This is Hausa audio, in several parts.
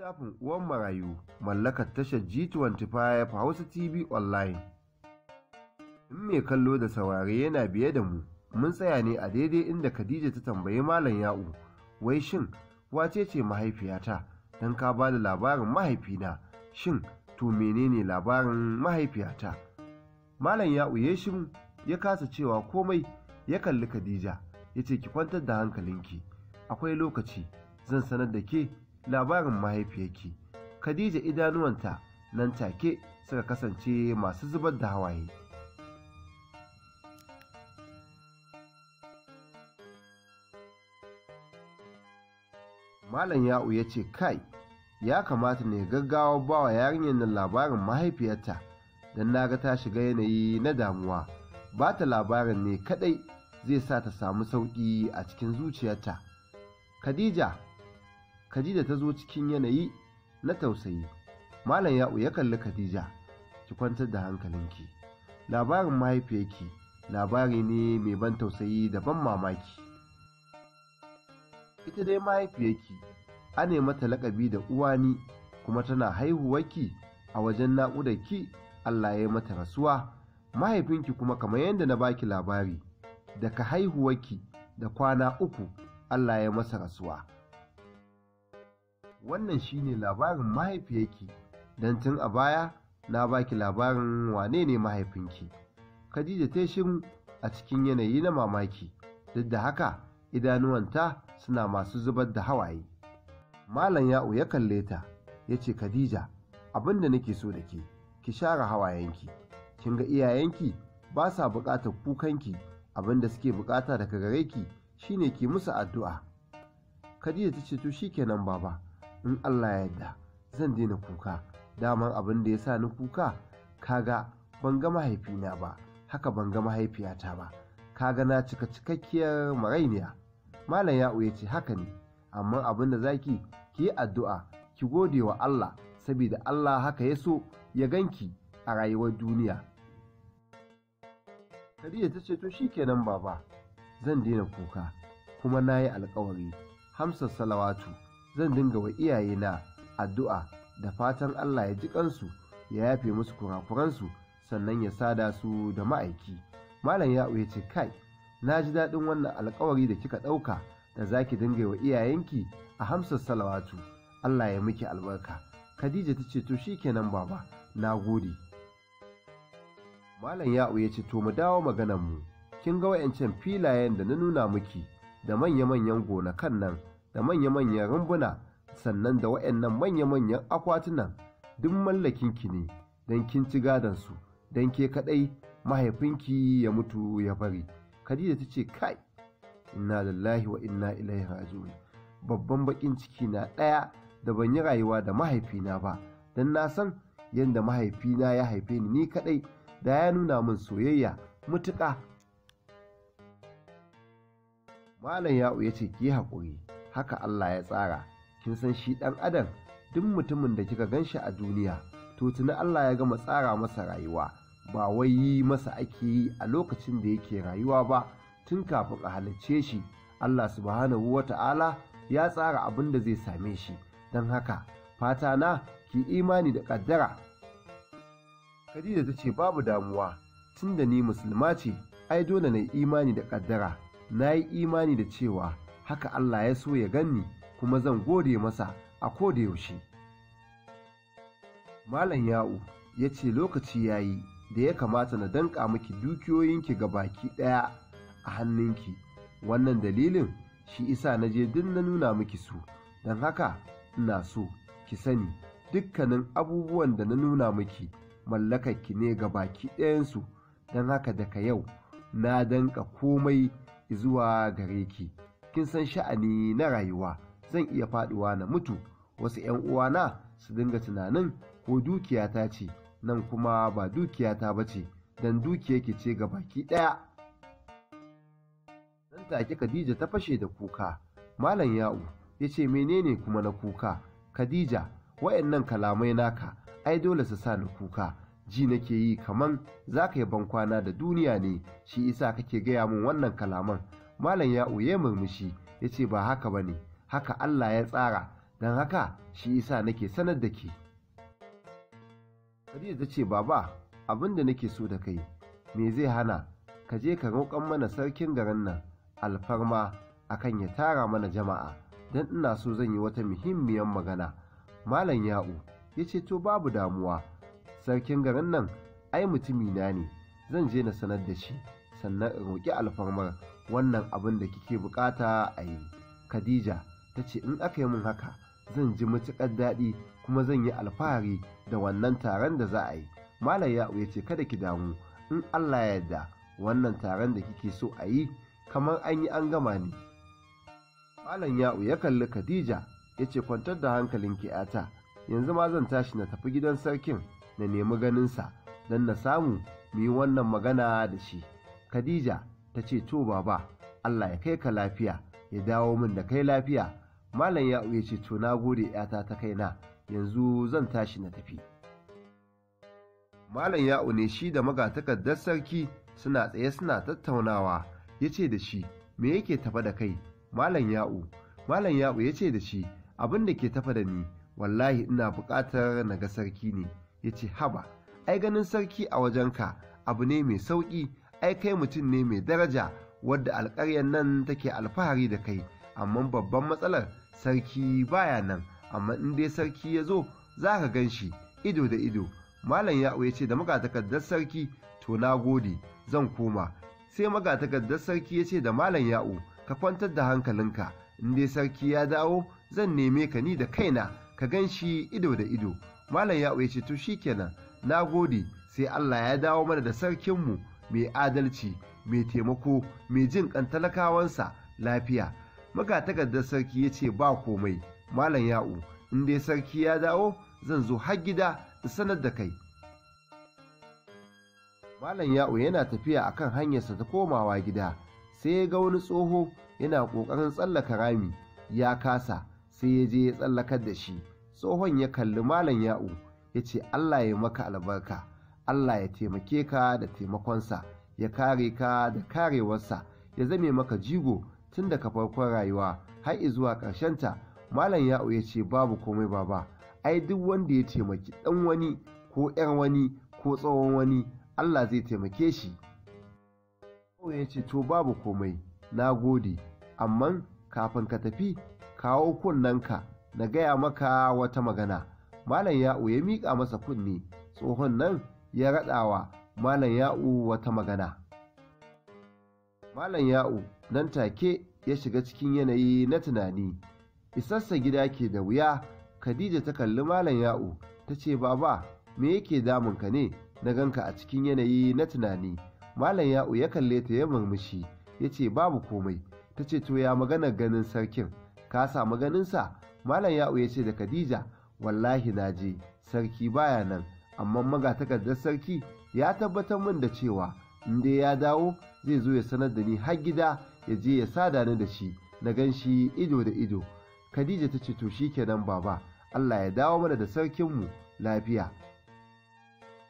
littafin uwan marayu mallakar tashar G25 Hausa TV online. In mai kallo da saurare yana biye da mu, mun tsaya ne a daidai inda Khadija ta tambayi Malam Ya'u, wai shin wace ce mahaifiyata don ka ba da labarin mahaifina, shin to menene labarin mahaifiyata? Malam Ya'u ya shiru ya kasa cewa komai ya kalli Khadija, ya ce ki kwantar da hankalinki, akwai lokaci zan sanar da ke labarin mahaifiyarki khadija idanuwanta nan take suka kasance masu zubar da hawaye malam ya'u ya ce kai ya kamata ne gaggawa ba wa yarinyar nan labarin mahaifiyarta don na ga ta shiga yanayi na damuwa ba ta labarin ne kadai zai sa ta samu sauƙi a cikin zuciyarta khadija Khadija ta zo cikin yanayi na tausayi. Malam Ya'u ya kalli Khadija, ki kwantar da hankalinki. Labarin mahaifiyarki labari ne mai ban tausayi da ban mamaki. Ita dai mahaifiyarki, ne mata laƙabi da uwani kuma tana haihuwarki a wajen ki, Allah ya yi mata rasuwa. Mahaifinki kuma kamar yadda na baki labari, daga haihuwarki da kwana uku Allah ya masa rasuwa. wannan shine labarin mahaifiyarki don tun a baya na baki labarin wane ne mahaifinki khadija ta shiru a cikin yanayi na mamaki duk da haka idanuwanta suna masu zubar da hawaye malam ya'u ya kalle ta ya ce khadija abin da nake so da ke ki share hawayenki kin ga iyayenki ba sa bukatar kukanki abin da suke buƙata daga gare ki shine ki musu addu'a khadija ta ce to shikenan baba in Allah ya yarda zan daina kuka daman abin da ya sa ni kuka kaga ban ga mahaifina ba haka ban ga mahaifiyata ba kaga na cika cikakkiyar marainiya malam ya'u ya ce haka ne amma abin da zaki ki yi addu'a ki gode wa Allah saboda Allah haka ya so ya ganki a rayuwar duniya Khadija ta ce to shi shikenan baba zan daina kuka kuma na yi alkawari Hamsa salawatu zan dinga wa iyayena addu'a da fatan Allah ya ji kansu ya yafe musu kurakuransu sannan ya sada su da ma'aiki malam ya'u ya ce kai na ji daɗin wannan alkawari da kika ɗauka da za ki dinga wa iyayenki a hamsar salawatu Allah ya miki albarka Khadija ta ce to shi kenan baba na gode malam ya'u ya ce to mu dawo maganar mu kin ga wayancan filayen da na nuna miki da manya-manyan gonakan nan da manya-manyan rumbuna sannan da wa'annan manya-manyan akwatunan duk mallakinki ne don kin ci su don ke kaɗai mahaifinki ya mutu ya bari khadija ta ce kai inna lillahi wa inna ilaihi raji'un babban bakin ciki na ɗaya da ban yi rayuwa da mahaifina ba don na san yadda mahaifina ya haife ni ni kaɗai da ya nuna min soyayya mutuƙa malam ya'u ya ce ki haƙuri haka Allah ya tsara kin san shi ɗan adam duk mutumin da kika gan shi a duniya to tuni Allah ya gama tsara masa rayuwa ba wai yi masa ake yi a lokacin da yake rayuwa ba tun kafin a halicce shi Allah subhanahu wa ta'ala ya tsara abin da zai same shi don haka fata na ki imani da ƙaddara Khadija ta ce babu damuwa tun da ni musulma ce ai dole na imani da ƙaddara na yi imani da cewa haka Allah ya so ya ganni kuma zan gode masa a koda yaushe. Malam Ya'u ya ce lokaci ya yi da ya kamata na danƙa miki dukiyoyinki ga baki ɗaya a hannunki, wannan dalilin shi isa na je duk na nuna miki su, don haka ina so ki sani dukkanin abubuwan da na nuna miki mallakarki ne ga baki ɗayansu, don haka daga yau na danƙa komai zuwa gare ki. kin san sha'ani na rayuwa zan iya faduwa na mutu wasu 'yan uwana su dinga tunanin ko dukiyata ce nan kuma ba dukiyata ba ce don ke ce ga baki ɗaya. Nan take Khadija ta fashe da kuka, Malam Ya'u ya ce menene kuma na kuka, Khadija wayannan kalamai naka ai dole su sa ni kuka, ji nake yi kaman za ka yi bankwana da duniya ne shi isa kake gaya min wannan kalaman malam ya uye murmushi ya ce ba haka ba ne haka allah ya tsara don haka shi isa nake sanar da ke khadija ta ce baba abin da nake so da kai me zai hana ka je ka roƙon mana sarkin garin nan alfarma a kan ya tara mana jama'a don ina so zan yi wata muhimmiyar magana malam ya'u ya ce to babu damuwa sarkin garin nan ai mutumina ne zan je na sanar da shi sannan in roƙi alfarmar wannan abin da kike bukata a yi khadija ta ce in aka yi min haka zan ji matuƙar daɗi kuma zan yi alfahari da wannan taron da za a yi malam ya'u ya ce kada ki damu in allah ya yarda wannan taron da kike so a yi kamar an yi an gama ne malam ya'u ya kalli khadija ya ce kwantar da ki 'yata yanzu ma zan tashi na tafi gidan sarkin na nemi ganinsa don na samu mu yi wannan magana da shi. Khadija ta ce to baba Allah ya kai ka lafiya ya dawo min da kai lafiya malam ya'u ya ce to na gode yata ta kaina yanzu zan tashi na tafi malam ya'u ne shi da magatakardar sarki suna tsaye suna tattaunawa ya ce da shi me yake tafa da kai malam ya'u malam ya'u ya ce da shi abin da ke tafa da ni wallahi ina buƙatar naga sarki ne ya ce haba ai ganin sarki a wajenka abu ne mai sauƙi ai kai mutum ne mai daraja wadda alƙaryar nan take alfahari da kai amma babban matsalar sarki baya nan amma in dai sarki ya zo za ka gan shi ido da ido malam ya'u ya ce da magatakardar sarki to na gode zan koma sai magatakardar sarki ya ce da malam ya'u ka kwantar da hankalinka in dai sarki ya dawo zan neme ka ni da kaina ka gan shi ido da ido malam ya'u ya ce to shikenan na gode sai Allah ya dawo mana da sarkinmu mai adalci mai taimako mai jin kan talakawansa lafiya takardar sarki ya ce ba komai malam ya'u in dai sarki ya dawo zan zo har gida in sanar da kai malam ya'u yana tafiya akan hanyarsa ta komawa gida sai ya ga wani tsoho yana ƙoƙarin tsallaka rami ya kasa sai ya je ya tsallakar da shi tsohon ya kalli malam ya'u ya ce allah ya maka albarka Allah ya taimake ka da taimakonsa ya kare ka da karewarsa ya zame maka jigo tun daga farkon rayuwa har zuwa ta, malam ya'u ya ce babu komai baba ai duk wanda ya taimaki ɗan wani ko 'yar wani ko tsawon wani Allah zai taimake shi ya ce to babu komai na gode amma kafin ka tafi kawo ka na gaya maka wata magana malam ya'u ya miƙa masa kunne tsohon nan ya raɗa wa Malam Ya'u wata magana. Malam Ya'u nan take ya shiga cikin yanayi na tunani. Isassa gida ke da wuya, Khadija ta kalli Malam Ya'u ta ce, Baba, me yake damunka ne na ganka a cikin yanayi na tunani. Malam Ya'u ya kalle ta ya murmushi, ya ce, Babu komai, ta ce, To ya maganar ganin sarkin, ka samu ganinsa? Malam Ya'u ya ce da Khadija, Wallahi na je, sarki baya nan. amma magatakardar sarki ya tabbatar min da cewa inda ya dawo zai zo ya sanar da ni har gida ya je ya sa ni da shi na gan shi ido da ido khadija ta ce to shi kenan baba allah ya dawo mana da sarkinmu lafiya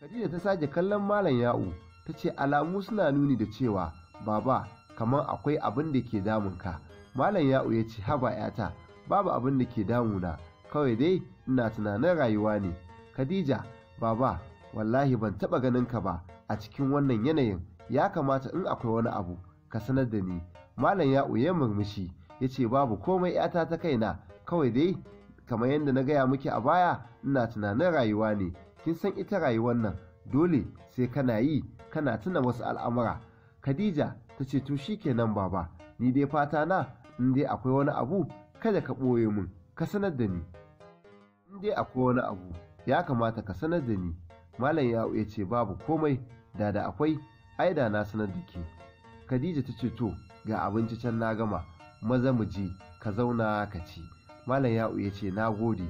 khadija ta sake kallon malam ya'u ta ce alamu suna nuni da cewa baba kamar akwai abin da ke damunka malam ya'u ya ce haba 'yata babu abin da ke damuna kawai dai ina tunanin rayuwa ne khadija baba wallahi ban taɓa ganin ka ba a cikin wannan yanayin ya kamata in akwai wani abu ka sanar da ni malam ya uye murmushi ya ce babu komai yata ta kaina kawai dai kamar yadda na gaya muki a baya ina tunanin rayuwa ne kin san ita rayuwar nan dole sai kana yi kana tuna wasu al'amura khadija ta ce to shi kenan baba ni dai fata na in dai akwai wani abu kada ka ɓoye mun ka sanar da ni in dai akwai wani abu ya kamata ka sanar da ni malam ya ya ce babu komai da da akwai ai na sanar da ke khadija ta ce to ga abinci can na gama maza mu ji ka zauna ka ci malam ya ya ce na gode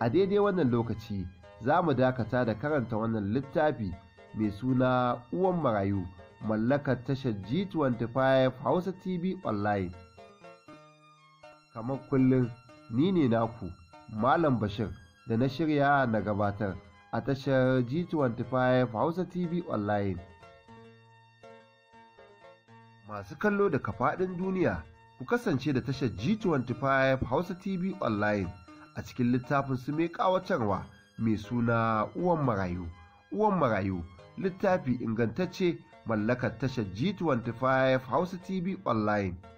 a daidai wannan lokaci za mu dakata da karanta wannan littafi mai suna uwan marayu mallakar tashar g25 hausa tv online kamar kullum ni ne naku malam bashir da na shirya na gabatar a tashar G25 Hausa TV Online. Masu kallo da kafaɗin duniya, ku kasance da tashar G25 Hausa TV Online a cikin littafin su mai ƙawatarwa mai suna Uwan Marayu. Uwan Marayu, littafi ingantacce mallakar tashar G25 Hausa TV Online.